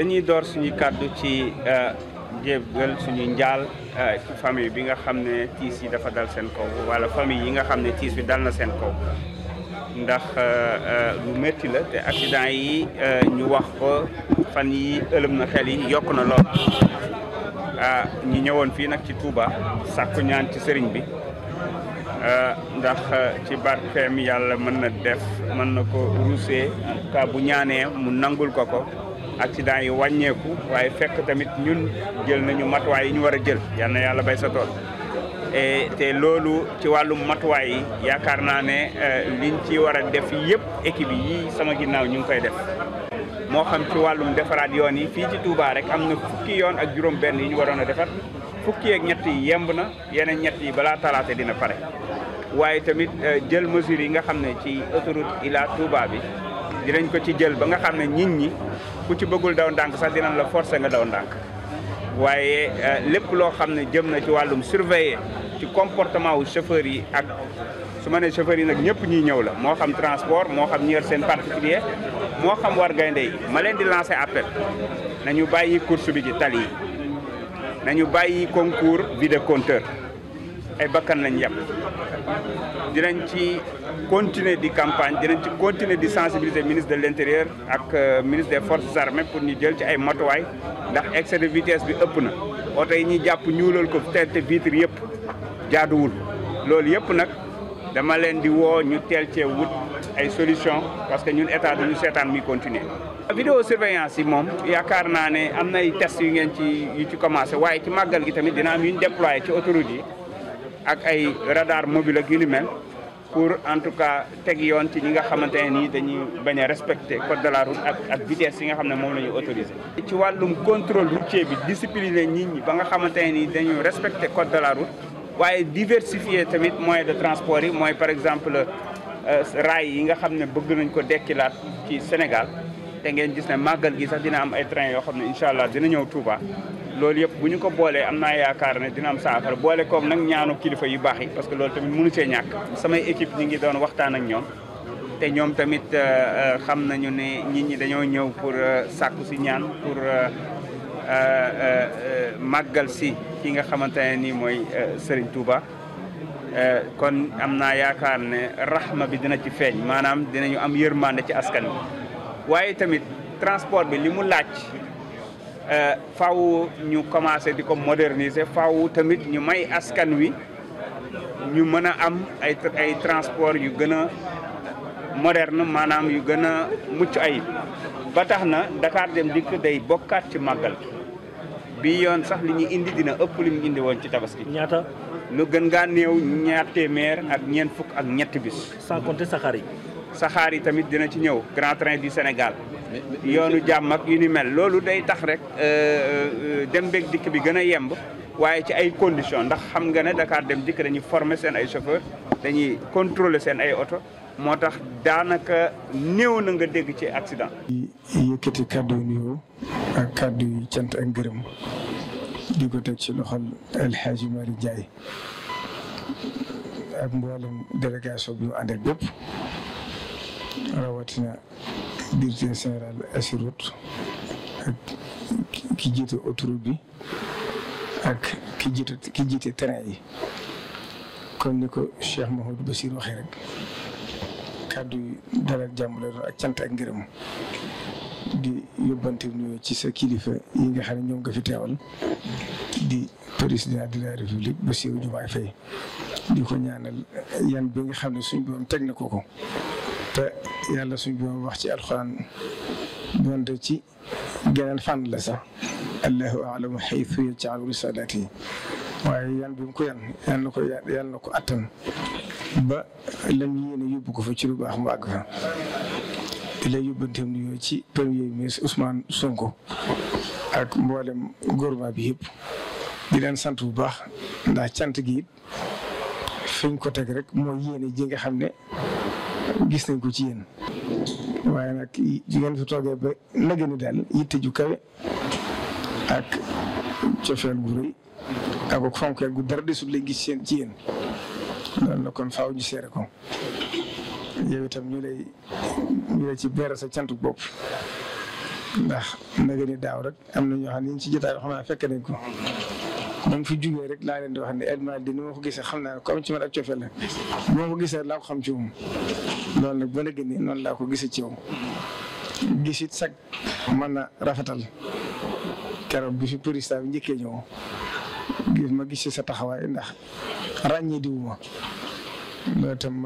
dañuy door suñuy kàddu ci euh, jébbal suñu njaal euh, ci famille bi nga xam ne tiis yi dafa dal seen kaw wala famille yi nga xam ne tiis bi dal na seen kaw ndax euh, lu métti la te accident yi ñu wax ko fan yi ëlëm na xel yi yokk na lool ah, ñu ñëwoon fii nag ci Touba sàkku ñaan ci sëriñ bi ndax ci barkeem yàlla mën na def mën na ko ruusee ka bu ñaanee mu nangul ko ko accident yi wàññeeku waaye fekk tamit ñun jël nañu matuwaay yi ñu war a jël yan na yàlla bay sa tool et te loolu ci wàllum matuwaay yi yaakaar naa ne e, liñ ci war a def yëpp équipe yi sama ginnaaw ñu ngi koy def moo xam ci wàllum defaraat yoon yi fii ci Touba rek am na fukki yoon ak juróom-benn yi ñu waroon a defar fukki ak ñetti yemb na yeneen ñett balaa talaate dina pare waaye tamit e, jël mesures yi nga xam ne ci autoroute Ila Touba bi. dinañ ko ci jël ba nga xam ne nit ñi ku ci bëggul daw ndànk sax dinañ la forcer nga daw ndànk waaye euh, lépp loo xam ne jëm na ci wàllum surveiller ci comportement wu chauffeur yi ak su ma nee nag ñëpp ñuy ñëw la moo xam transport moo xam ñi yor seen particulier moo xam war gaynde yi ma leen di lancer appel ñu bàyyi course bi ci tali na ñu bàyyi concours vide compteur ay bakkan lañ yàpp dinañ ci continuer di campagne dinañ ci continuer di sensibiliser ministre de l'intérieur ak euh, ministre des forces armées pour ñu jël ci ay matuwaay ndax excès de vitesse bi ëpp na oto yi ñuy ñu ñuulal ko teel te vitre yëpp jaaduwul loolu yëpp nag dama leen di woo ñu teel cee wut ay solution parce que ñun état duñu seetaan muy continuer a surveillance yi moom yaakaar naa ne am nay test yu ngeen ci ci commencé waaye ci màggal gi tamit dina am yu ñu déployé ci autoroute yi ak ay radar mobile ak yu ni mel pour en tout cas teg yoon ci ñi nga xamante ne nii dañuy bañ a respecter code de la route ak ak vitesse yi nga xam ne moom la ñu autorisé. ci wàllum contrôle routier bi discipliner nit ñi ba nga xamante ne nii dañu respecter code de la route waaye diversifier tamit moyen de transport yi mooy par exemple euh, raay yi nga xam ne bëgg nañ ko dekkilaat ci Sénégal. te ngeen gis ne màggal gi sax dina am ay train yoo xam ne incha allah dina ñëw Touba loolu yëpp bu ñu ko boolee am naa yaakaar ne dina am saafara boole koom nag ñaanu kilifa yu baax yi parce que loolu tamit mënu see ñàkk samay équipe ñu ngi doon waxtaan ak ñoom te ñoom tamit euh, euh, xam nañu ni nit ñi dañoo ñëw pour euh, sàkku si ñaan pour màggal si ki nga xamante ne nii mooy Serigne Touba kon am naa yaakaar ne raxma bi dina ci feeñ maanaam dinañu am yërmande ci askan wi waaye tamit transport bi li mu laaj euh, faw ñu commencé di ko moderniser faw tamit ñu may askan wi ñu mën a am ay ay transport yu gën a moderne maanaam yu gën a mucc ayib ba tax na Dakar Dem Dikk day bokkaat ci màggal bi yoon sax li ñu indi dina ëpp lu ñu indi woon ci tabaski. ñaata. lu gën ngaa néew ñaar téeméer ak ñeent fukk ak ñetti bis. sans compter yi. saxaar yi tamit dina ci ñëw grand train du Sénégal yoonu jàmm ak yu ni mel loolu day tax rek euh, euh, dem beeg dikk bi gën a yemb waaye ci ay conditions ndax xam nga ne Dakar dem dikk dañuy former seen ay chauffeur dañuy contrôler seen ay oto moo tax daanaka néew na nga dégg ci accident. yëkkati kàddu yu nuyoo ak kàddu yu cant ak ngërëm di ko teg ci loxol El Hadj Malick Ndiaye ak mboolem délégation bi mu ànd bépp rawatina directeur général Ageroute ak ki jiite autoroute bi ak ki jiite ki jiite yi kon ni ko Cheikh Mahoud Bassir waxee rek kàddu yi dalal jàmm la doon ak cant ak ngërëm di yóbbante nuyoo ci sa kilifa yi nga xam ne ñoom nga fi teewal di président de la république Bassirou Diomaye Faye di ko ñaanal yan bi nga xam ne suñ borom teg na ko ko te yàlla suñ boom wax ci alxuraan donte ci geneen fànn la sax allahu alamu xaytu yajcalu risalaat yi waaye yan bi mu ko yan ko yan attan ba lam yéene yóbbu ko fa ci lu baax mu àgg fa di lay yóbbanteem nuyoo ci premier ministre Ousmane Sonko ak mboolem gouvernement bi yëpp di leen sant bu baax ndax cant gi it fiñ ko teg rek mooy yéene ji nga xam ne gis nañ ko ci yéen waaye nag yi ngeen fi toogee ba nag ni daal yitte ju kawe ak cofeel gu rëy ak ak fonkeel gu dara desul lay gis seen ci yéen loolu na kon faaw ñu seere ko yow itam ñu lay ñu lay ci beera sa cantu bopp ndax nag daaw rek am na ñoo xam ne ci jotaay xam ne fekk nañ ko ba mu fi jugee rek laa leen di wax ne El Malick ni ma ko gisee xam naa ne ko am ci man ak cofeel la gisee laa xam ci moom loolu nag ba la gën noonu laa ko gisee ci yow. gis sag mën a rafetal keroog bi fi président bi njëkkee ñëw gis ma gis sa taxawaay ndax ràññee diwuma loolu itam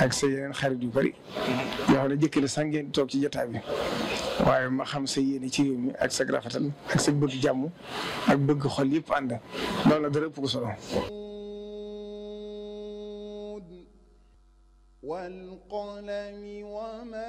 ak sa yeneen xarit yu bëri yoo xam ne jëkk na sax toog ci jotaay bi waaye ma xam sa yéene ci réew mi ak sa rafetal ak sa bëgg jàmm ak bëgg xol yëpp ànd loolu la dara ëpp ko wal qalami wa ma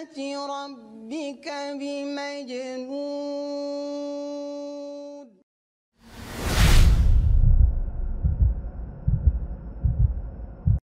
ربك بمجنون